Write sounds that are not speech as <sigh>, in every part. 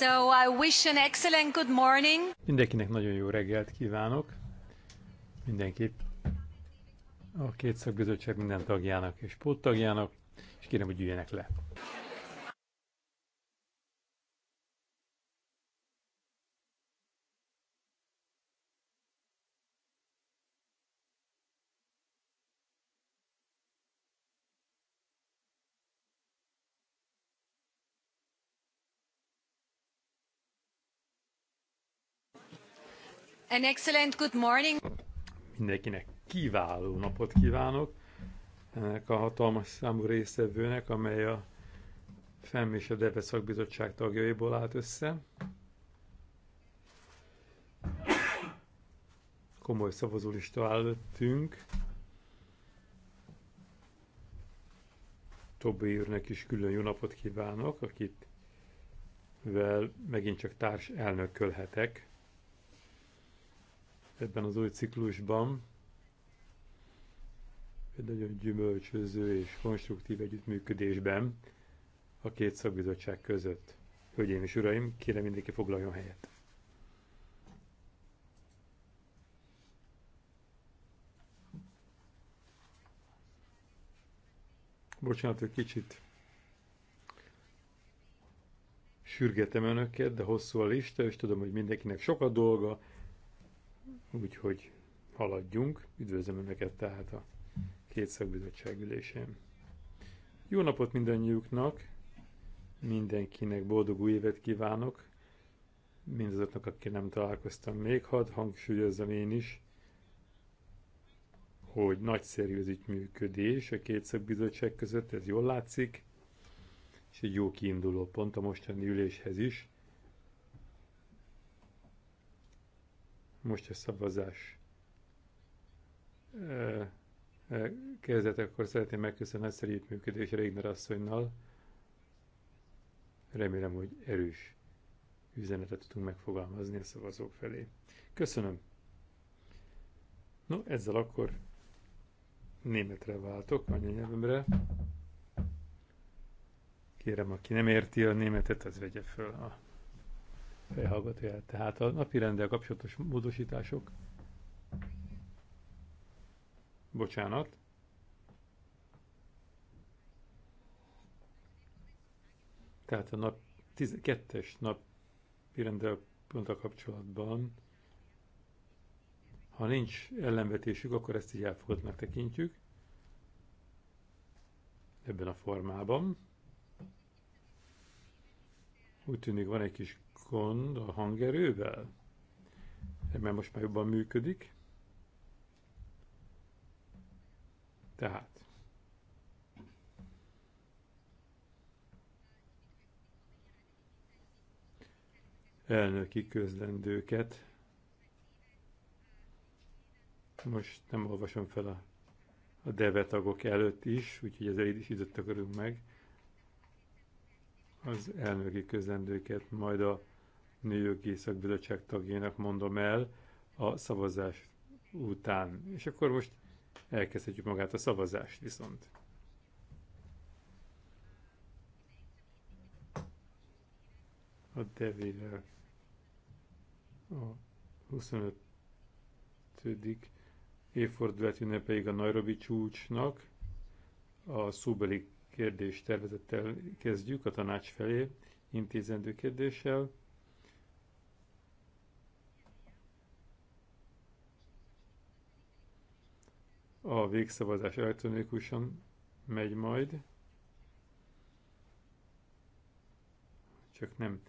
So I wish an excellent good morning. Mindenkinek nagyon jó reggelt kívánok. Mindenkit. A két szakbizottság minden tagjának és póttagjának, és kérem, hogy üljenek le. An excellent good morning. Mindenkinek kiváló napot kívánok ennek a hatalmas számú részevőnek, amely a FEM és a DEVE szakbizottság tagjaiból állt össze. Komoly szavazólista előttünk. Tobi úrnak is külön jó napot kívánok, akit vel megint csak társ elnökölhetek ebben az új ciklusban. Egy nagyon gyümölcsöző és konstruktív együttműködésben a két szakbizottság között. Hölgyeim és uraim, kérem mindenki foglaljon helyet. Bocsánat, hogy kicsit sürgetem önöket, de hosszú a lista, és tudom, hogy mindenkinek sok a dolga, úgyhogy haladjunk. Üdvözlöm Önöket tehát a két szakbizottság ülésén. Jó napot mindannyiuknak, mindenkinek boldog új évet kívánok, mindazoknak, akik nem találkoztam még, hadd hangsúlyozzam én is, hogy nagyszerű az működés a két szakbizottság között, ez jól látszik, és egy jó kiinduló pont a mostani üléshez is, most a szavazás akkor szeretném megköszönni a szerint működés Régner asszonynal. Remélem, hogy erős üzenetet tudunk megfogalmazni a szavazók felé. Köszönöm! No, ezzel akkor németre váltok, anyanyelvemre. Kérem, aki nem érti a németet, az vegye föl a el. Tehát a napi rendel kapcsolatos módosítások. Bocsánat. Tehát a nap tiz, kettes napi rendel a kapcsolatban, ha nincs ellenvetésük, akkor ezt így elfogadnak tekintjük ebben a formában. Úgy tűnik van egy kis gond a hangerővel? Mert most már jobban működik. Tehát. Elnöki közlendőket. Most nem olvasom fel a, a devetagok előtt is, úgyhogy ezért is időt akarunk meg az elnöki közlendőket, majd a Nőjogi Szakbizottság tagjának mondom el a szavazás után. És akkor most elkezdhetjük magát a szavazást viszont. A devire a 25. évfordulát ünnepeig a Nairobi csúcsnak a szóbeli kérdés tervezettel kezdjük a tanács felé intézendő kérdéssel. A végszavazás elektronikusan megy majd. Csak nem,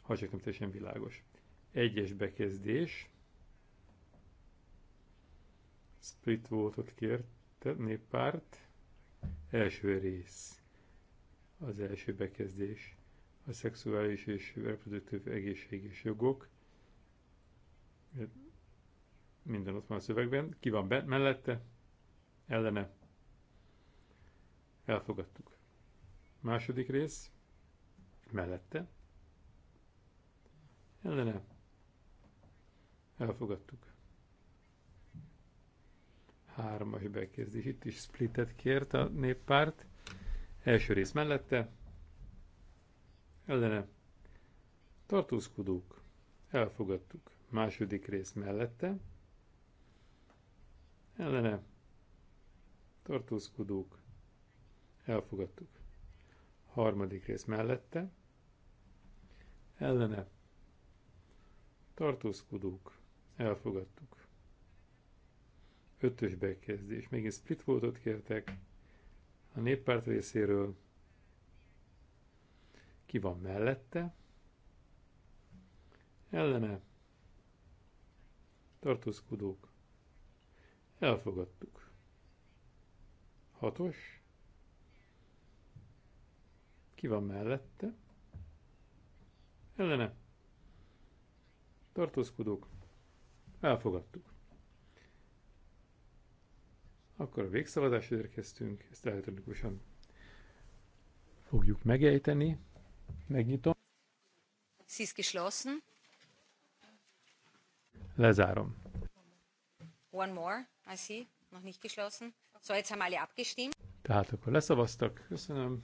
ha csak nem teljesen világos. Egyes bekezdés. Split voltot kért néppárt. Első rész. Az első bekezdés. A szexuális és reproduktív egészség és jogok minden ott van a szövegben, ki van bent mellette, ellene elfogadtuk. Második rész mellette ellene elfogadtuk. Hármas bekezdés. Itt is splitet kért a néppárt. Első rész mellette ellene tartózkodók elfogadtuk. Második rész mellette ellene tartózkodók, elfogadtuk. Harmadik rész mellette, ellene, tartózkodók, elfogadtuk. Ötös bekezdés, megint split voltot kértek a néppárt részéről, ki van mellette, ellene, tartózkodók, elfogadtuk. Hatos. Ki van mellette? Ellene. Tartózkodók. Elfogadtuk. Akkor a végszavazásra érkeztünk, ezt elektronikusan fogjuk megejteni. Megnyitom. geschlossen. Lezárom. One more, I see. Noch nicht geschlossen. Tehát akkor leszavaztak, köszönöm.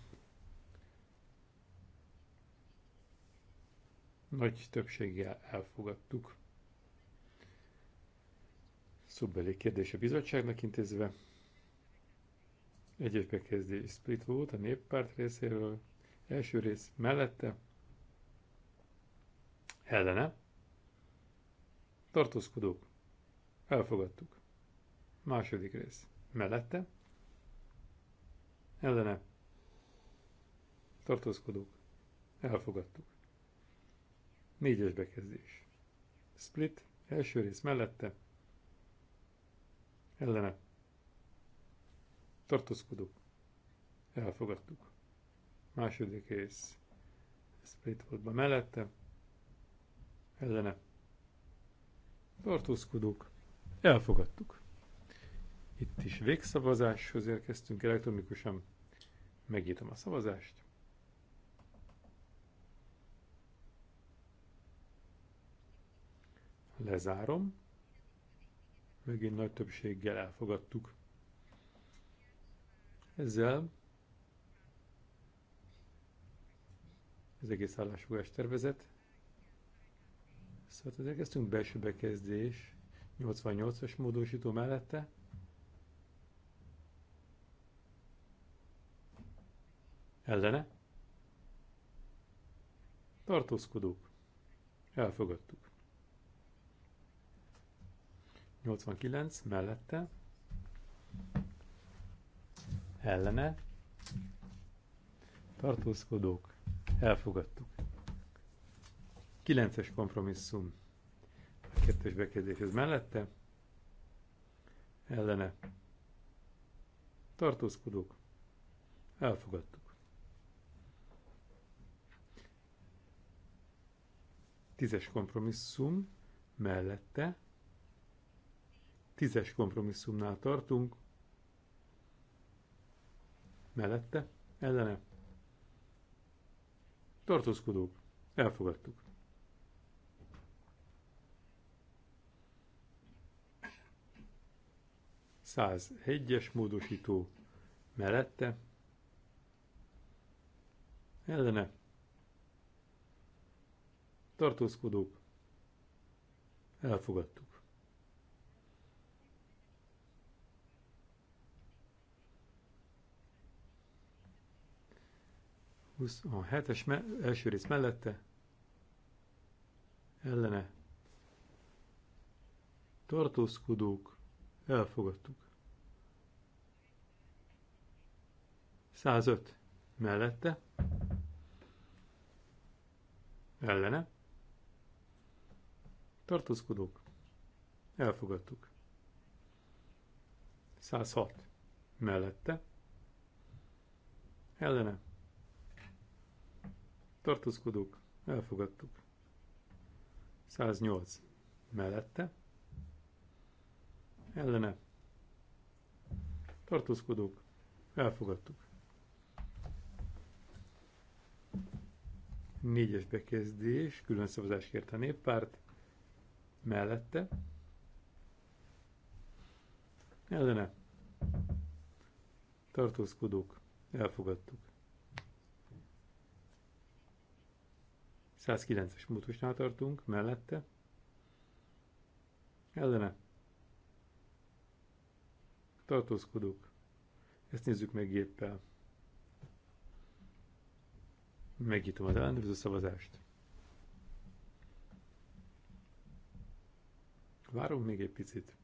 Nagy többséggel elfogadtuk. Szóbeli kérdés a bizottságnak intézve. Egyes bekezdés split volt a néppárt részéről. Első rész mellette. Ellene. Tartózkodók. Elfogadtuk. Második rész mellette, ellene, tartózkodók, elfogadtuk. Négyes bekezdés. Split, első rész mellette, ellene, tartózkodók, elfogadtuk. Második rész. Split volt be mellette, ellene, tartózkodók, elfogadtuk. Itt is végszavazáshoz érkeztünk elektronikusan. Megnyitom a szavazást. Lezárom. Megint nagy többséggel elfogadtuk. Ezzel az egész állásfogás tervezet. Szóval kezdtünk belső bekezdés 88-as módosító mellette. Ellene? Tartózkodók. Elfogadtuk. 89 mellette. Ellene. Tartózkodók. Elfogadtuk. 9-es kompromisszum. A kettős bekezdéshez mellette. Ellene. Tartózkodók. Elfogadtuk. Tízes kompromisszum mellette. Tízes kompromisszumnál tartunk. Mellette, ellene. Tartózkodók. Elfogadtuk. Száz hegyes módosító mellette. Ellene tartózkodók, elfogadtuk. A hetes első rész mellette, ellene, tartózkodók, elfogadtuk. 105 mellette, ellene, tartózkodók, elfogadtuk. 106 mellette, ellene, tartózkodók, elfogadtuk. 108 mellette, ellene, tartózkodók, elfogadtuk. Négyes bekezdés, külön szavazás kérte a néppárt, mellette, ellene tartózkodók, elfogadtuk. 109-es mutusnál tartunk, mellette, ellene tartózkodók. Ezt nézzük meg géppel. Megnyitom az ellenőrző szavazást. Várunk még egy picit.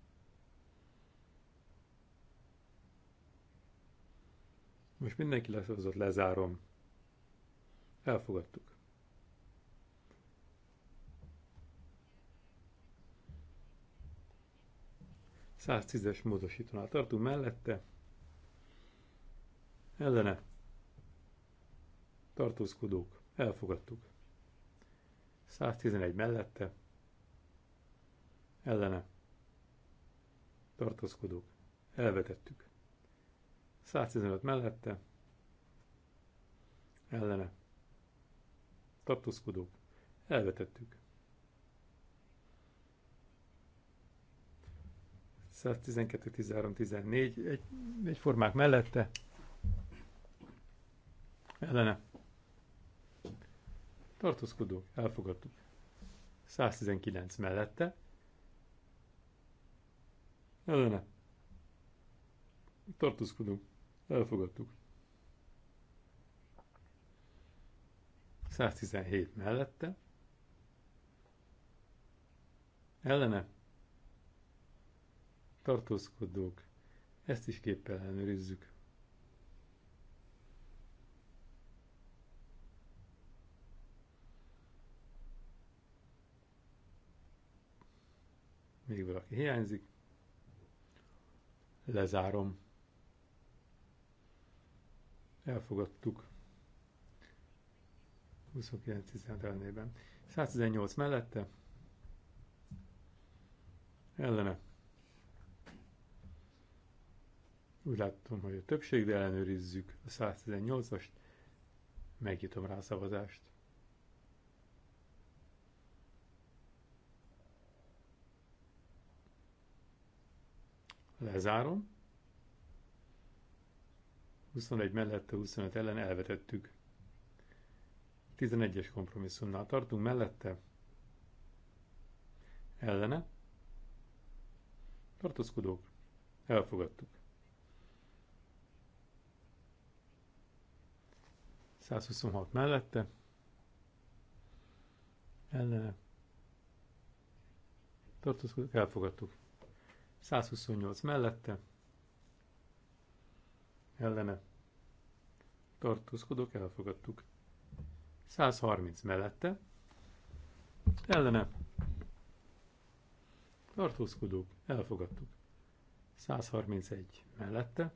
Most mindenki leszavazott, lezárom. Elfogadtuk. Száztízes módosítónál tartunk mellette. Ellene. Tartózkodók. Elfogadtuk. 111 mellette ellene tartózkodók elvetettük. 115 mellette ellene tartózkodók elvetettük. 112, 13, 14, egy, egy formák mellette, ellene. Tartózkodók, elfogadtuk. 119 mellette, ellene tartózkodunk, elfogadtuk. 117 mellette, ellene tartózkodók, ezt is képpel ellenőrizzük. Még valaki hiányzik. Lezárom. Elfogadtuk. 29-16 ellenében. 118 mellette. Ellene. Úgy láttam, hogy a többség, de ellenőrizzük a 118-ast. Megnyitom rá a szavazást. Lezárom. 21 mellette, 25 ellen elvetettük. 11-es kompromisszumnál tartunk, mellette, ellene, tartózkodók, elfogadtuk. 126 mellette, ellene, tartózkodók, elfogadtuk. 128 mellette, ellene, tartózkodok, elfogadtuk. 130 mellette, ellene, tartózkodók, elfogadtuk. 131 mellette,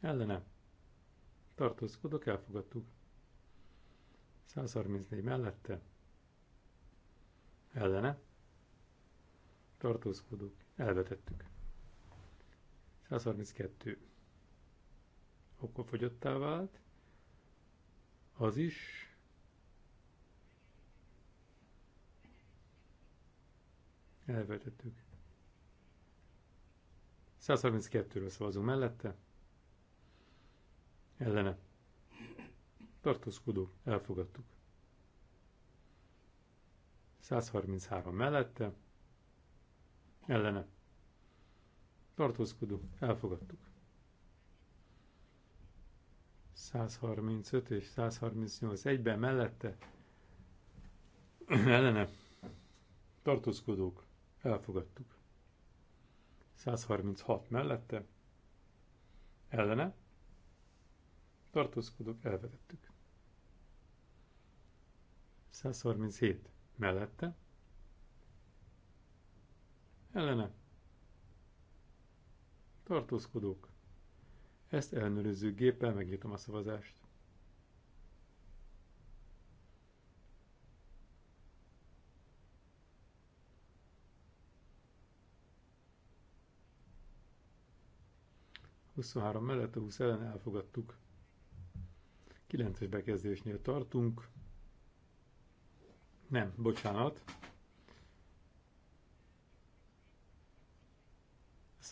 ellene, tartózkodok, elfogadtuk. 134 mellette, ellene, tartózkodók, elvetettük. 132 fogyottá vált, az is, elvetettük. 132-ről szavazunk mellette, ellene, tartózkodók, elfogadtuk. 133 mellette, ellene. Tartózkodunk, elfogadtuk. 135 és 138 egyben mellette <clears throat> ellene tartózkodók, elfogadtuk. 136 mellette ellene tartózkodók, elvetettük. 137 mellette ellene tartózkodók. Ezt ellenőrző géppel, megnyitom a szavazást. Huszonhárom mellett a 20 ellen elfogadtuk. 9-es bekezdésnél tartunk. Nem, bocsánat.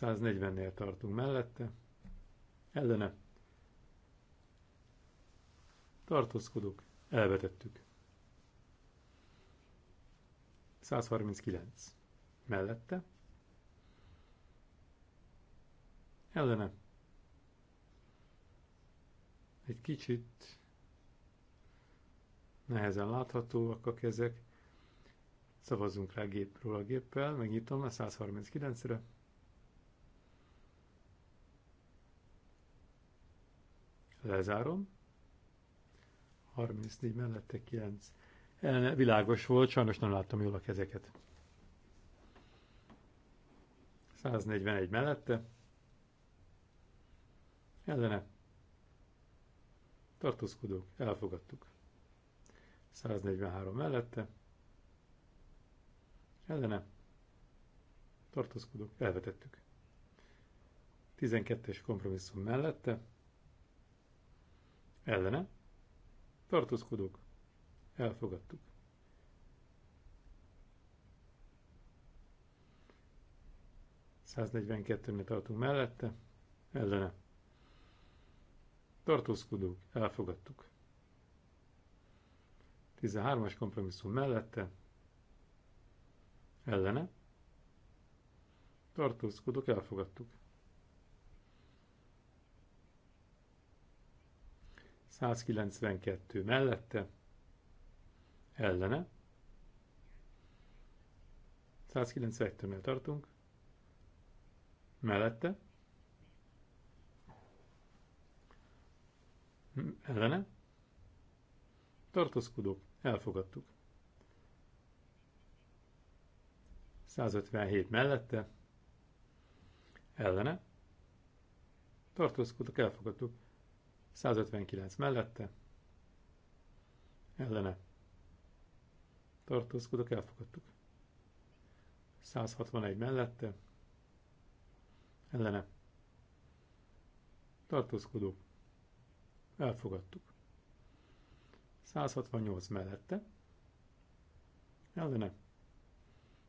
140-nél tartunk mellette, ellene tartózkodok, elvetettük. 139 mellette, ellene egy kicsit nehezen láthatóak a kezek, szavazzunk rá gépről a géppel, megnyitom a 139-re, Lezárom. 34 mellette 9. Elne, világos volt, sajnos nem láttam jól a kezeket. 141 mellette. Ellene. Tartózkodók, elfogadtuk. 143 mellette. Ellene. Tartózkodók, elvetettük. 12-es kompromisszum mellette ellene tartózkodók elfogadtuk. nél tartunk mellette, ellene tartózkodók elfogadtuk. 13-as kompromisszum mellette, ellene tartózkodók elfogadtuk. 192 mellette, ellene. 192-nél tartunk. Mellette. Ellene. Tartózkodók. Elfogadtuk. 157 mellette. Ellene. Tartózkodók. Elfogadtuk. 159 mellette, ellene tartózkodok, elfogadtuk. 161 mellette, ellene tartózkodó, elfogadtuk. 168 mellette, ellene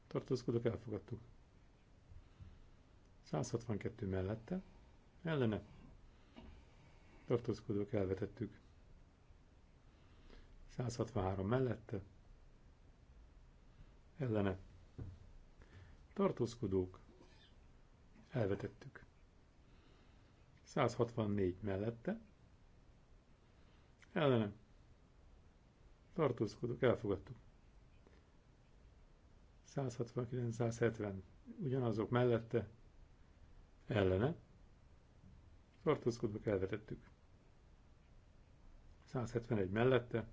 tartózkodok, elfogadtuk. 162 mellette, ellene tartózkodók elvetettük. 163 mellette, ellene, tartózkodók elvetettük. 164 mellette, ellene, tartózkodók elfogadtuk. 169-170 ugyanazok mellette, ellene, tartózkodók elvetettük. 171 mellette,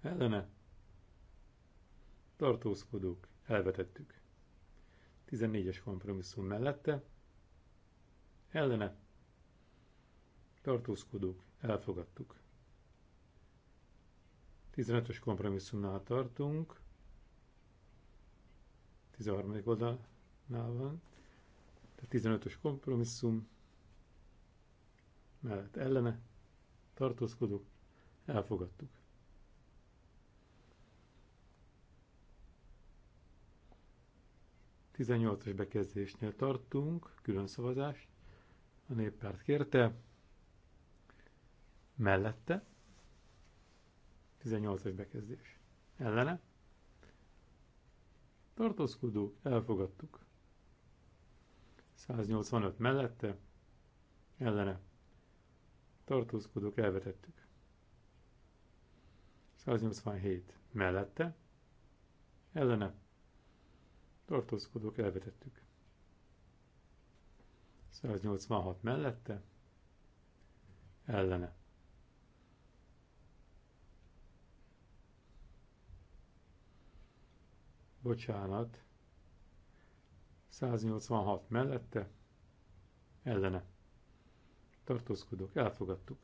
ellene, tartózkodók, elvetettük. 14-es kompromisszum mellette, ellene, tartózkodók, elfogadtuk. 15-ös kompromisszumnál tartunk, 13. oldalnál van, tehát 15-ös kompromisszum, mellett ellene tartózkodók elfogadtuk. Tizennyolcas bekezdésnél tartunk, külön szavazás. A néppárt kérte, mellette, 18-as bekezdés. Ellene? Tartózkodók, elfogadtuk. 185 mellette, ellene tartózkodók elvetettük. 187 mellette, ellene, tartózkodók elvetettük. 186 mellette, ellene. Bocsánat, 186 mellette, ellene tartózkodók, elfogadtuk.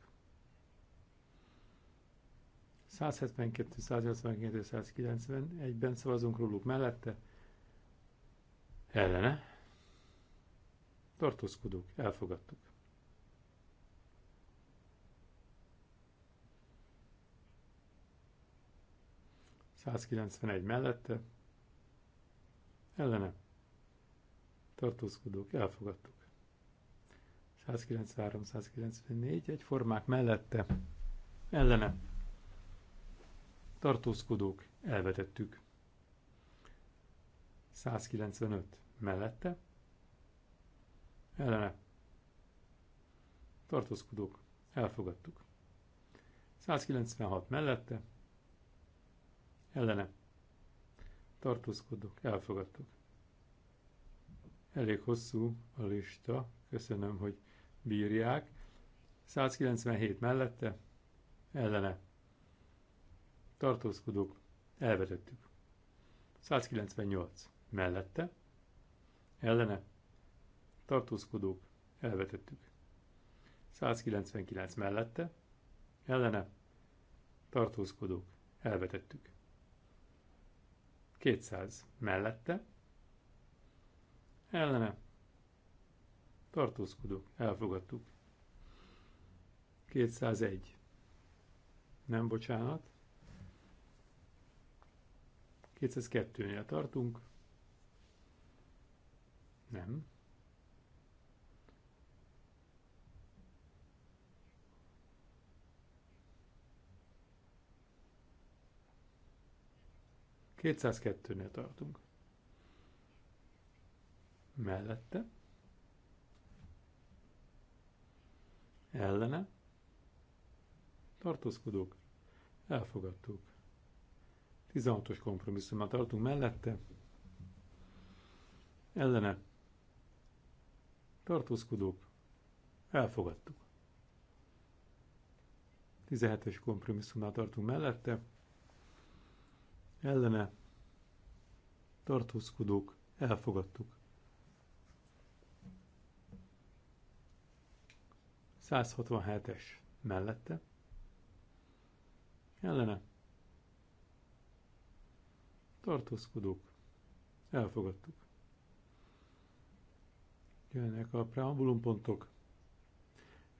172, 182, 191-ben szavazunk róluk mellette, ellene, tartózkodók, elfogadtuk. egy mellette, ellene, tartózkodók, elfogadtuk. 193-194 egyformák mellette, ellene. Tartózkodók, elvetettük. 195 mellette, ellene. Tartózkodók, elfogadtuk. 196 mellette, ellene. Tartózkodók, elfogadtuk. Elég hosszú a lista, köszönöm, hogy bírják, 197 mellette, ellene, tartózkodók, elvetettük. 198 mellette, ellene, tartózkodók, elvetettük. 199 mellette, ellene, tartózkodók, elvetettük. 200 mellette, ellene, tartózkodók, elfogadtuk. 201. Nem bocsánat. 202-nél tartunk. Nem. 202-nél tartunk. Mellette. ellene, tartózkodók, elfogadtuk. 16-os kompromisszumát tartunk mellette, ellene, tartózkodók, elfogadtuk. 17-es kompromisszumnál tartunk mellette, ellene tartózkodók, elfogadtuk. 167-es mellette, ellene, tartózkodók, elfogadtuk. Jönnek a preambulumpontok.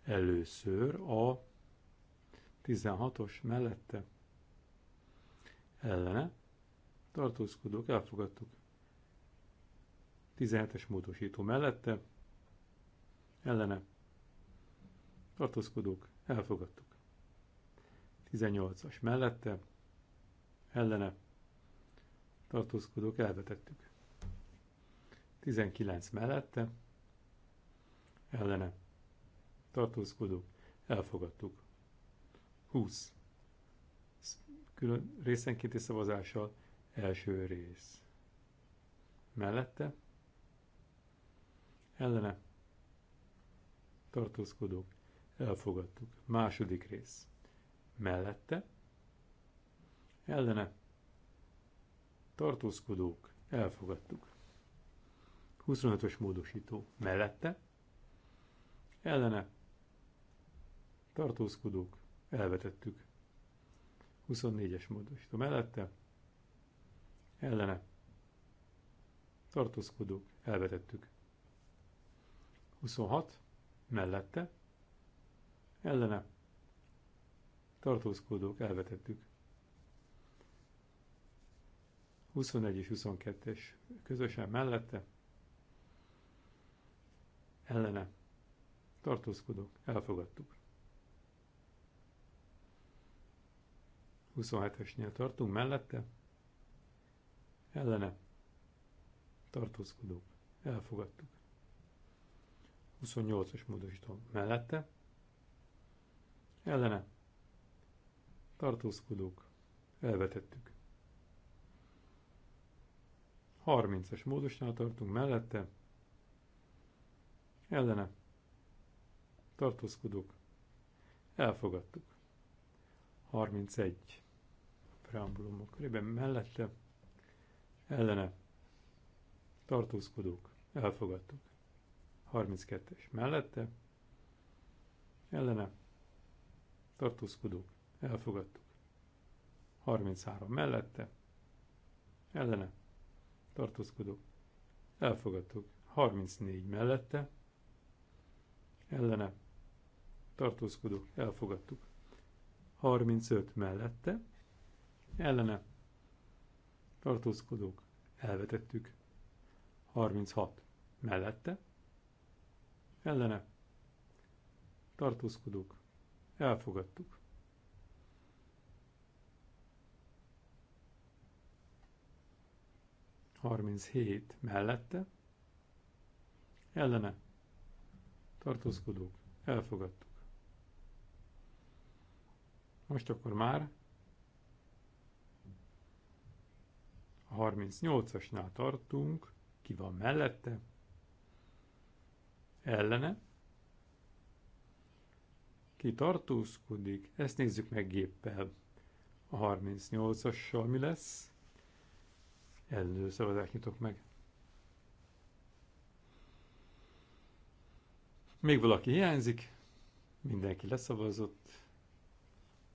Először a 16-os mellette, ellene, tartózkodók, elfogadtuk. 17-es módosító mellette, ellene, tartózkodók, elfogadtuk. 18-as mellette, ellene, tartózkodók, elvetettük. 19 mellette, ellene, tartózkodók, elfogadtuk. 20. Külön részenkénti szavazással első rész. Mellette, ellene, tartózkodók, Elfogadtuk. Második rész. Mellette. Ellene. Tartózkodók. Elfogadtuk. 25-ös módosító. Mellette. Ellene. Tartózkodók. Elvetettük. 24-es módosító. Mellette. Ellene. Tartózkodók. Elvetettük. 26. Mellette ellene tartózkodók elvetettük. 21 és 22-es közösen mellette ellene tartózkodók elfogadtuk. 27-esnél tartunk mellette ellene tartózkodók elfogadtuk. 28-as módosító mellette ellene tartózkodók elvetettük. 30-as módosnál tartunk mellette, ellene tartózkodók elfogadtuk. 31 preambulumok körében mellette, ellene tartózkodók elfogadtuk. 32-es mellette, ellene tartózkodók, elfogadtuk. 33 mellette, ellene, tartózkodók, elfogadtuk. 34 mellette, ellene, tartózkodók, elfogadtuk. 35 mellette, ellene, tartózkodók, elvetettük. 36 mellette, ellene, tartózkodók, Elfogadtuk. hét mellette. Ellene. Tartózkodók. Elfogadtuk. Most akkor már a 38-asnál tartunk, ki van mellette, ellene, ki tartózkodik, ezt nézzük meg géppel. A 38-assal mi lesz? Előszavazást nyitok meg. Még valaki hiányzik, mindenki leszavazott,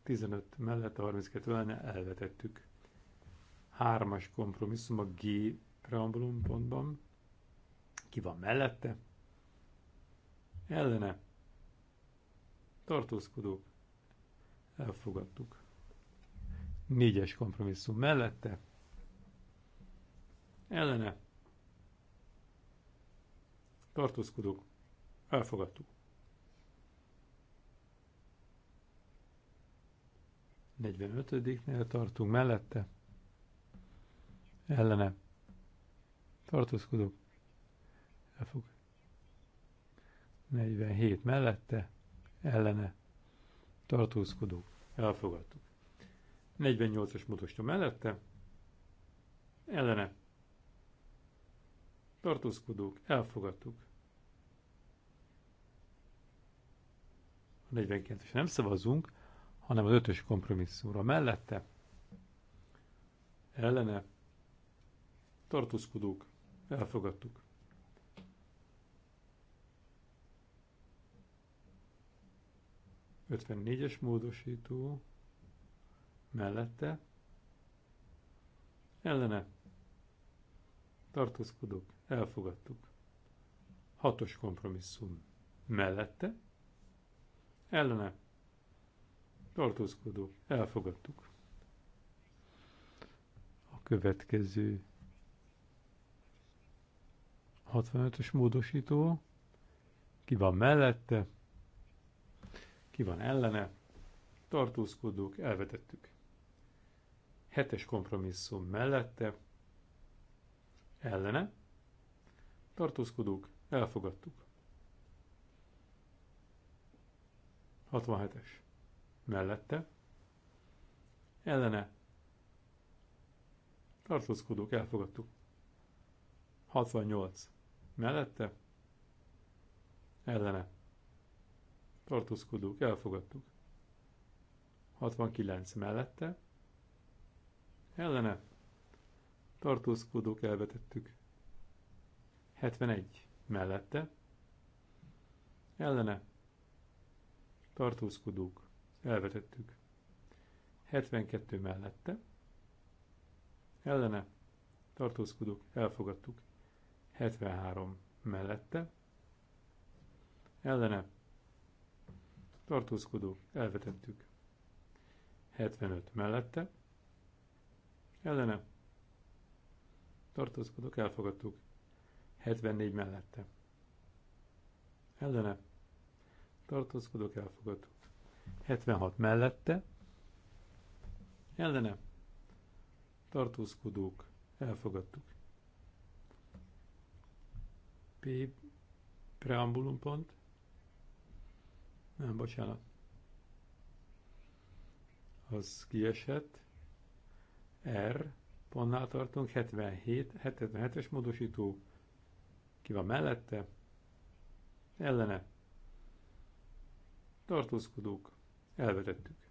15 mellett a 32 lenne, elvetettük. Hármas kompromisszum a G preambulum pontban. Ki van mellette? Ellene tartózkodók, elfogadtuk. Négyes kompromisszum mellette, ellene, tartózkodók, elfogadtuk. 45-nél tartunk mellette, ellene, tartózkodók, elfog. 47 mellette, ellene tartózkodók elfogadtuk. 48-as módosító mellette ellene tartózkodók elfogadtuk. A 49-es nem szavazunk, hanem az ötös kompromisszumra mellette ellene tartózkodók elfogadtuk. 54-es módosító mellette ellene tartózkodok, elfogadtuk. Hatos kompromisszum mellette ellene tartózkodok, elfogadtuk. A következő 65-ös módosító ki van mellette, ki van ellene, tartózkodók, elvetettük. Hetes kompromisszum mellette, ellene, tartózkodók, elfogadtuk. 67-es mellette, ellene, tartózkodók, elfogadtuk. 68 mellette, ellene, tartózkodók, elfogadtuk. 69 mellette, ellene, tartózkodók, elvetettük. 71 mellette, ellene, tartózkodók, elvetettük. 72 mellette, ellene, tartózkodók, elfogadtuk. 73 mellette, ellene, tartózkodó, elvetettük. 75 mellette, ellene, tartózkodók, elfogadtuk. 74 mellette, ellene, tartózkodók, elfogadtuk. 76 mellette, ellene, tartózkodók, elfogadtuk. P. Preambulum pont. Nem, bocsánat. Az kiesett. R. Pontnál tartunk. 77. 77-es módosító. Ki van mellette? Ellene. Tartózkodók. Elvetettük.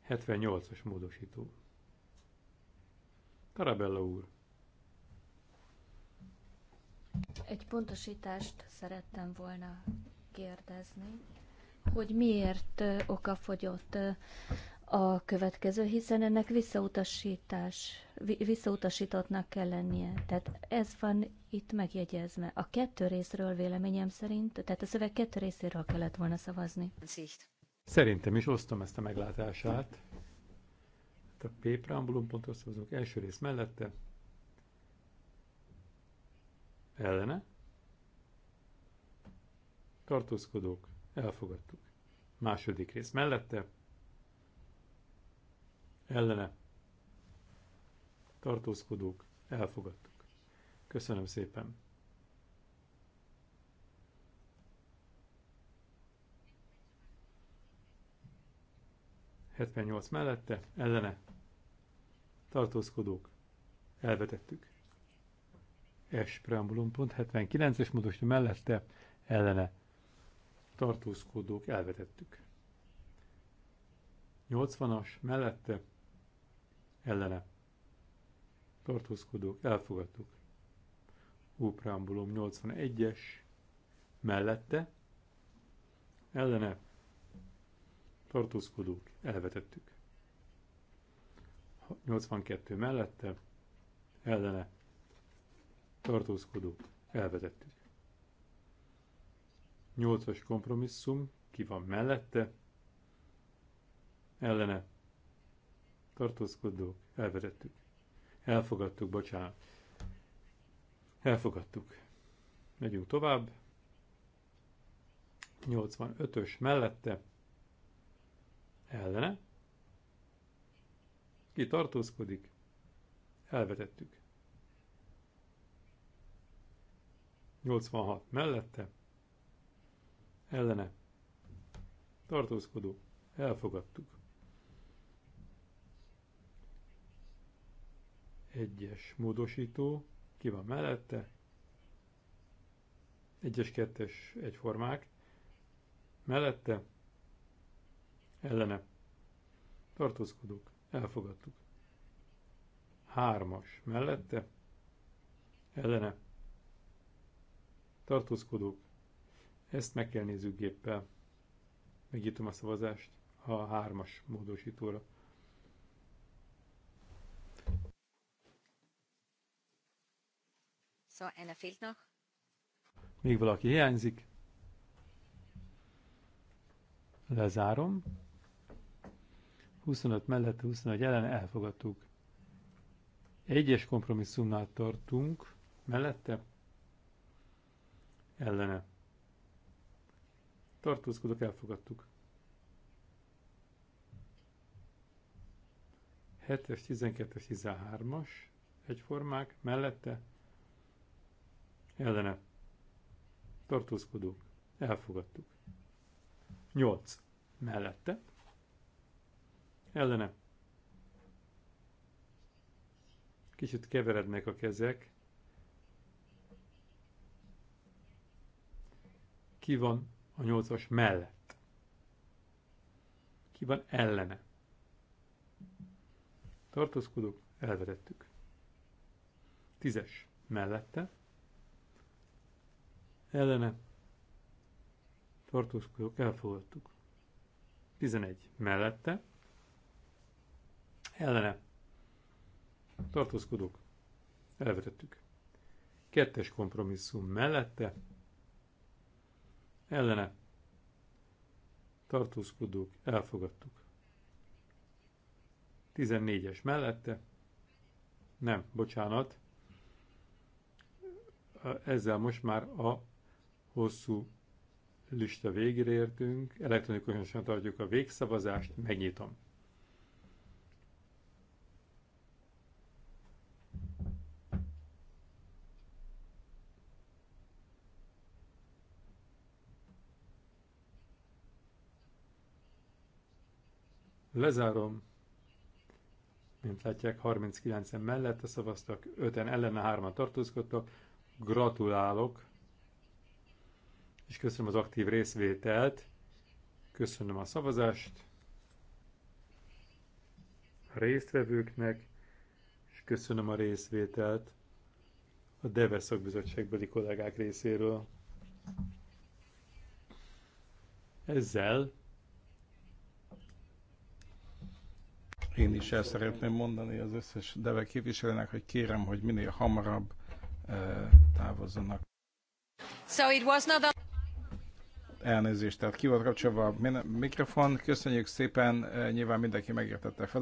Hetvennyolcas módosító. Tarabella úr. Egy pontosítást szerettem volna kérdezni, hogy miért okafogyott a következő, hiszen ennek visszautasítás, visszautasítottnak kell lennie. Tehát ez van itt megjegyezve. A kettő részről véleményem szerint, tehát a szöveg kettő részéről kellett volna szavazni. Szerintem is osztom ezt a meglátását. A P preambulum pontos szavazunk első rész mellette, ellene, tartózkodók, elfogadtuk. Második rész mellette, ellene, tartózkodók, elfogadtuk. Köszönöm szépen! Hetvennyolc mellette, ellene, tartózkodók, elvetettük es preambulum pont 79-es módosító mellette ellene tartózkodók elvetettük. 80-as mellette ellene tartózkodók elfogadtuk. U preambulum 81-es mellette ellene tartózkodók elvetettük. 82 mellette ellene tartózkodók, elvetettük. Nyolcas kompromisszum, ki van mellette, ellene, tartózkodók, elvetettük. Elfogadtuk, bocsánat. Elfogadtuk. Megyünk tovább. 85-ös mellette, ellene, ki tartózkodik, elvetettük. 86 mellette, ellene, tartózkodó, elfogadtuk. Egyes módosító, ki van mellette, egyes, kettes egyformák, mellette, ellene, tartózkodók, elfogadtuk. Hármas mellette, ellene, tartózkodók, ezt meg kell nézzük géppel. Megnyitom a szavazást a hármas módosítóra. So, enne fehlt noch. Még valaki hiányzik. Lezárom. 25 mellett, 21 ellen elfogadtuk. Egyes kompromisszumnál tartunk. Mellette ellene. Tartózkodok, elfogadtuk. 7-es, 12-es, 13-as egyformák, mellette ellene. Tartózkodók, elfogadtuk. 8 mellette ellene. Kicsit keverednek a kezek, Ki van a nyolcas mellett? Ki van ellene? Tartózkodok, elvetettük. Tízes mellette. Ellene. Tartózkodok, elfogadtuk. Tizenegy mellette. Ellene. Tartózkodok, elvetettük. Kettes kompromisszum mellette ellene tartózkodók elfogadtuk. 14-es mellette, nem, bocsánat, ezzel most már a hosszú lista végére értünk, elektronikusan tartjuk a végszavazást, megnyitom. Lezárom. Mint látják, 39-en mellette szavaztak, 5-en ellene, 3-an tartózkodtak. Gratulálok, és köszönöm az aktív részvételt. Köszönöm a szavazást a résztvevőknek, és köszönöm a részvételt a DEVE szakbizottságbeli kollégák részéről. Ezzel Én is el szeretném mondani az összes deve képviselőnek, hogy kérem, hogy minél hamarabb eh, távozzanak. So it was not a... Elnézést, tehát ki volt kapcsolva a mikrofon. Köszönjük szépen, eh, nyilván mindenki megértette fel.